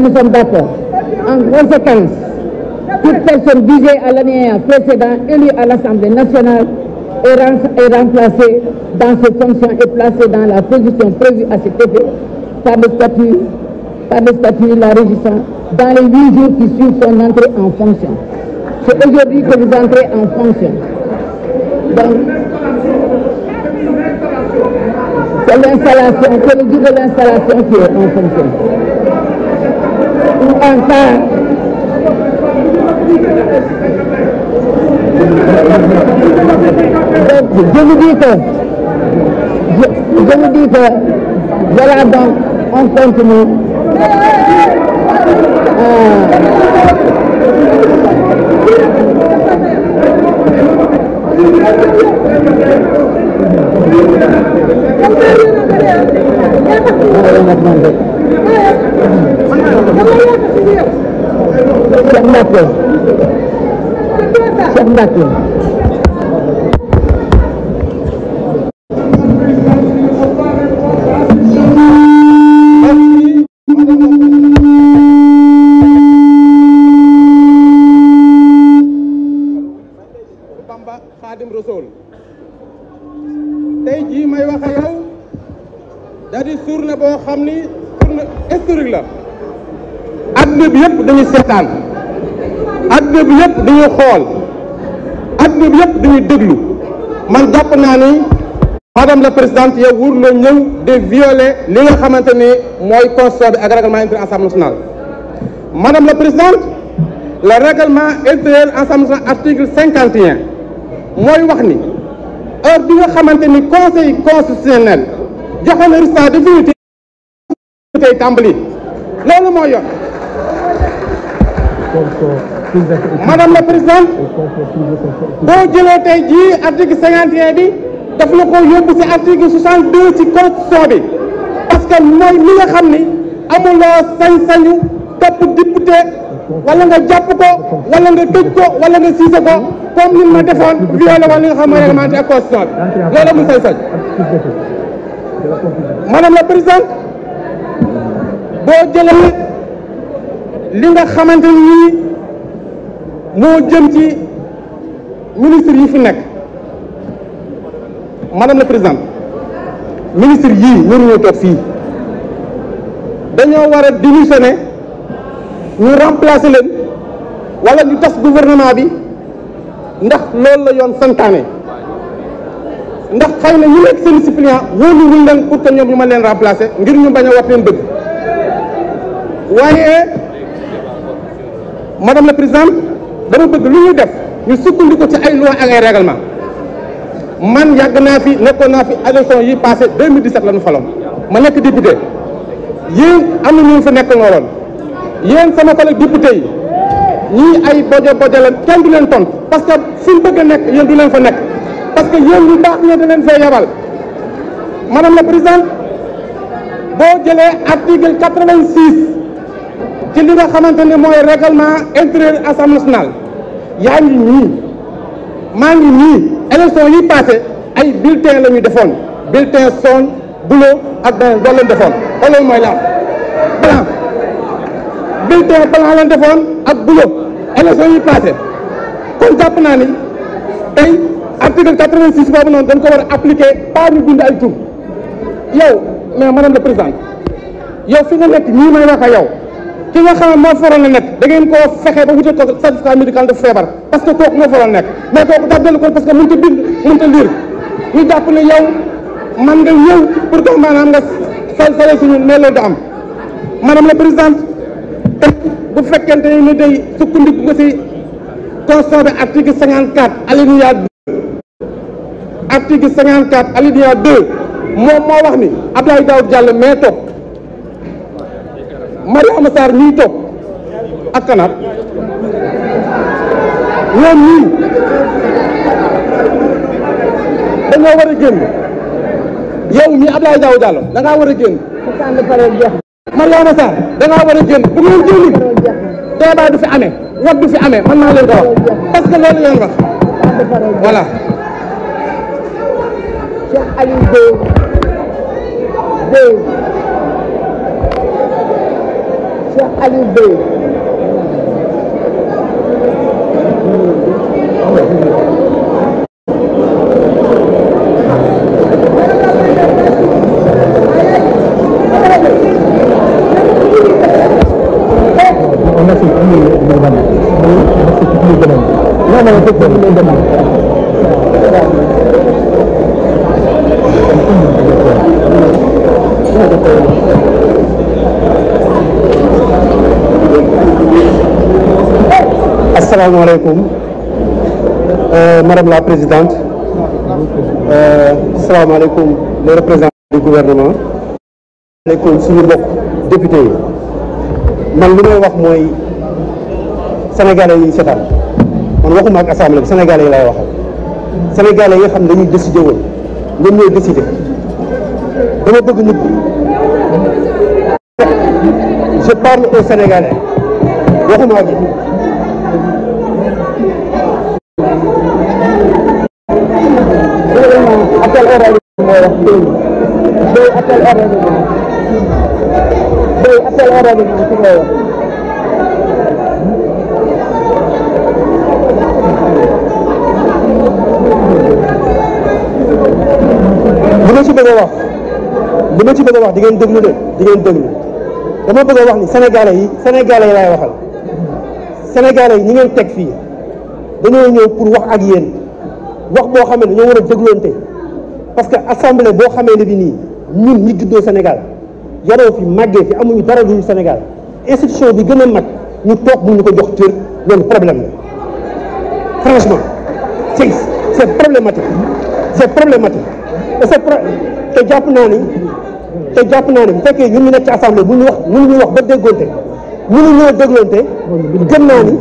nous sommes d'accord. En conséquence, toute personne visée à l'alinéa précédent élue à l'Assemblée nationale est, remplacée dans ses fonctions et placée dans la position prévue à cet effet par le la régissant dans les jours qui suivent son entrée en fonction. C'est aujourd'hui que vous entrez en fonction. Donc, c'est l'installation, c'est le jour de l'installation qui en fonction. الأنفال جيمي ديتا جيمي ديتا يلعب دون اون كونتينيو Thank you. Mbacke Cheikh Mbacke tey jii may wax ak yow da boo xam ni journée la adduna bi yëpp dañuy seetaan adduna bi yëpp dañuy xool adduna bi yëpp dañuy déglu man jàpp naa ni madame la présidente yow wur la ñëw de violer li nga xamante ni mooy constitution bi ak règlement intérieur assemblée nationale madame la présidente le règlement intérieur assemblée nationale article cinquante et un mooy wax ni heure bi nga xamante ni conseil constitutionnel joxe na résultat définitif tey tàmbali loolu mooy yoon madame la présidente boo jëlee tey jii article bi daf la ko yóbbu si article soixante bi parce que mooy li nga xam ni amuloo sañ-sañu topp député wala nga jàpp ko wala nga tëj ko wala nga siise ko comme ni ma defoon violé wala li nga xam mooy réglementé ak constitution bi loolu amul madame la présidente boo jëlee li nga xamante ni moo jëm ci ministre yi fi nekk madame la président ministre yii waruñoo toog fii dañoo war a démissionner ñu remplacer leen wala ñu tas gouvernement bi ndax loolu la yoon santaane ndax xëy na ñu nekk seen suppléant wóolu wuñ leen pour que ñoom ñu ma leen remplacer ngir ñu bañ a wat leen dëgg waaye madame la président dama bëgg lu ñuy def ñu sukkandiku ci ay loi ak ay règlement man yàgg naa fi nekkoon naa fi élection yi passé 2017 la ñu faloon ma nekk député yéen am na ñu fi nekk nga woon sama collègue député yi ñii ay bojo bojo leen kenn du leen tontu parce que suñ bëgg a nekk yéen du leen fa nekk parce que yéen ñu baax ñe da leen fee yabal madame la présidente boo jëlee article 86 ci li nga xamante ne mooy règlement intérieur assemblée nationale yaa ngi nii maa ngi nii élection yi passé ay bulletin la ñu defoon bulletin son bleu ak beneen loolu lañ defoon loolu mooy laal blanc bulletin blanc lañ defoon ak bleu élection yi passé kon jàpp naa ni tey article 86 boobu noonu dañ ko war a appliquer pas ñu bind ay tur yow mais madame la présidente yow fi nga nekk nii may wax ak yow ki nga xam ne moo faroon na nekk da ngeen koo fexe ba wutal ko certificat médical de feebar parce que kooku moo faroon nekk mais kooku daf dellu ko parce que mënut a bind mënut a lire ñu jàpp ne yow man nga ñëw pour que maanaam nga sal sale suñu mais loolu du am madame la présidente bu fekkente ne day sukkandiku nga si constat bi article cinquante quatre alinéa deux article cinquante quatre alinéa deux moom moo wax ni Abdoulaye Daouda Diallo mais toog Mariama Sarr ñuy toog ak kanaat ñoom ñii dañoo war a génn yow mii Abdoulaye Daouda Diallo da ngaa war a génn. Mariama Sarr da ngaa war a génn bu ngeen génn débat du fi amee wat du fi ame man maa leen ko wax parce que loolu ngeen wax Cheikh Aliou Bey Gracias. salaamaaleykum euh, madame la président euh, salaamaaleykum les représentants du gouvernement aleykum suñu bokk député yi man li may wax mooy sénégalais yi seetaan man waxuma ak assemblée bi sénégalais yi lay waxal sénégalais yi xam ne dañuy décidé woon ñoom ñooy décidé dama bëgg nit je parle aux sénégalais waxuma ak à quelle li ma ci bëgg a wax li ma ci bëgg a wax di ngeen déglu de di ngeen déglu dama bëgg wax ni sénégalais yi sénégalais yi laay waxal sénégalais yi ñi ngeen teg fii dañoo ñëw pour wax ak yéen wax boo xam ne dañoo war a dégloonte parce que assemblée boo xamee ne bi nii ñun ñu juddoo Sénégal yaroo fi màggee fi amuñu dara dul Sénégal institution bi gën a mag ñu toog bu ñu ko jox cër loolu problème la franchement c'est c'est c'est problématique te jàpp naa ni te jàpp naa ni bu fekkee ñun ñu nekk ci assemblée bu ñu wax mënu ñu wax ba déggoonte mënu ñoo dégloonte gëm naa ni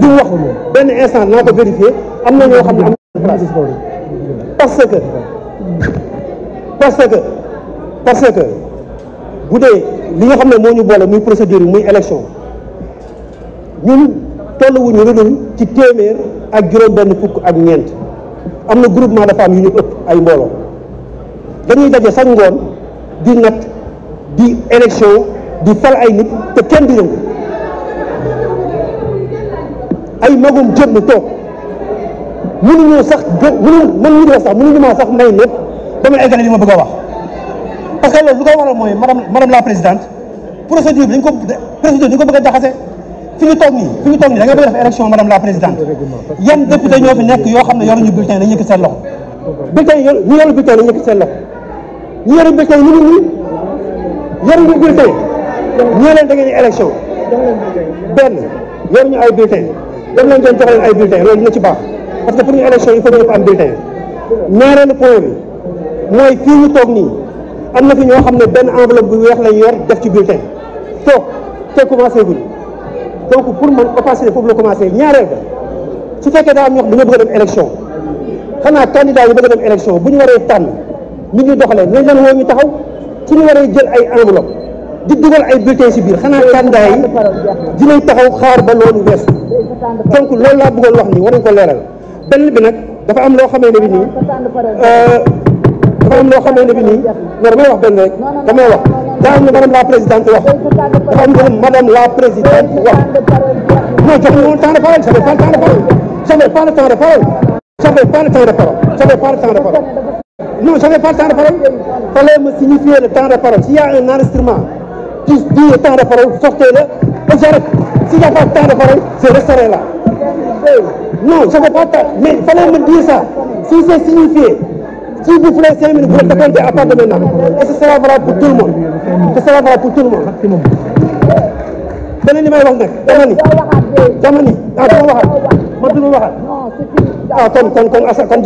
du wax benn instant naa ko vérifier am na ñoo xam ne parce que parce que parce que bu dee li nga xam ne moo ñu boole muy procédure yi muy élection ñun tolluwuñu lu dul ci téeméer ak juróom-benn fukk ak ñeent am na groupement de femmes yu ñu ëpp ay mbooloo dañuy daje sax ngoon di natt di élection di fal ay nit te kenn du yëngu ay magum jëm toog. mënuñoo sax gën mënuñu ñu def sax mënuñu maa sax may lépp dama eggale li ma bëgg a wax parce que loolu lu mooy madame madame la président procédure bi dañ ko procédure dañ ko bëgg a jaxase fi ñu toog nii fi ñu toog nii da nga bëgg def élection madame la présidente yan député ñoo fi nekk yoo xam ne yoruñu bulletin dañu yëkk seen loxo bulletin yi ñu yoru bulletin dañu yëkk seen loxo ñu yoru bulletin ñu ngi nii yoruñu bulletin ñoo leen da ngeen élection benn yoruñu ay bulletin dem leen jox leen ay bulletin loolu dina ci baax parce que pour ñu élection il faut ñu ko am bulletin ñaareelu point bi mooy fii ñu toog nii am na fi ñoo xam ne benn enveloppe bu weex lañ yor def ci bulletin toog te commencé guñ donc pour man opacité foofu la commencé ñaareel ba su fekkee daa am ñoo xam dañoo bëgg a dem élection xanaa candidat yi bëgg a dem élection bu ñu waree tànn nit ñuy doxalee nañ leen woo ñu taxaw su ñu waree jël ay enveloppe di dugal ay bulletin ci biir xanaa candidat yi dinañ taxaw ba loolu wees loolu laa bëggoon wax ni war nañ ko leeral benn bi nag dafa am loo xamee ne bi nii euh, dafa am loo xamee ne bi nii non damay wax benn rek damay wax daa am lu madame la présidente wax dafa am lu madame la présidente wax non jox ma woon temps de parole j'avais pas le temps de parole j'avais pas le temps de parole j'avais pas le temps de parole j'avais pas le temps de parole non j'avais pas le temps de parole fallait me signifier le temps de parole s'il y a un enregistrement qui dit le temps de parole sortez-le et j'arrête s'il n'y a pas de temps de parole je resterai là non je ne veux pas ta mais il fallait me dire ça si c'est signifié si vous voulez cinq minutes vous le décomptez à partir de maintenant et ce sera valable pour tout le monde li may wax nag dama ni dama ni ma dul waxaat kon kon kon asa kon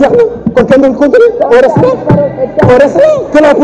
jeex na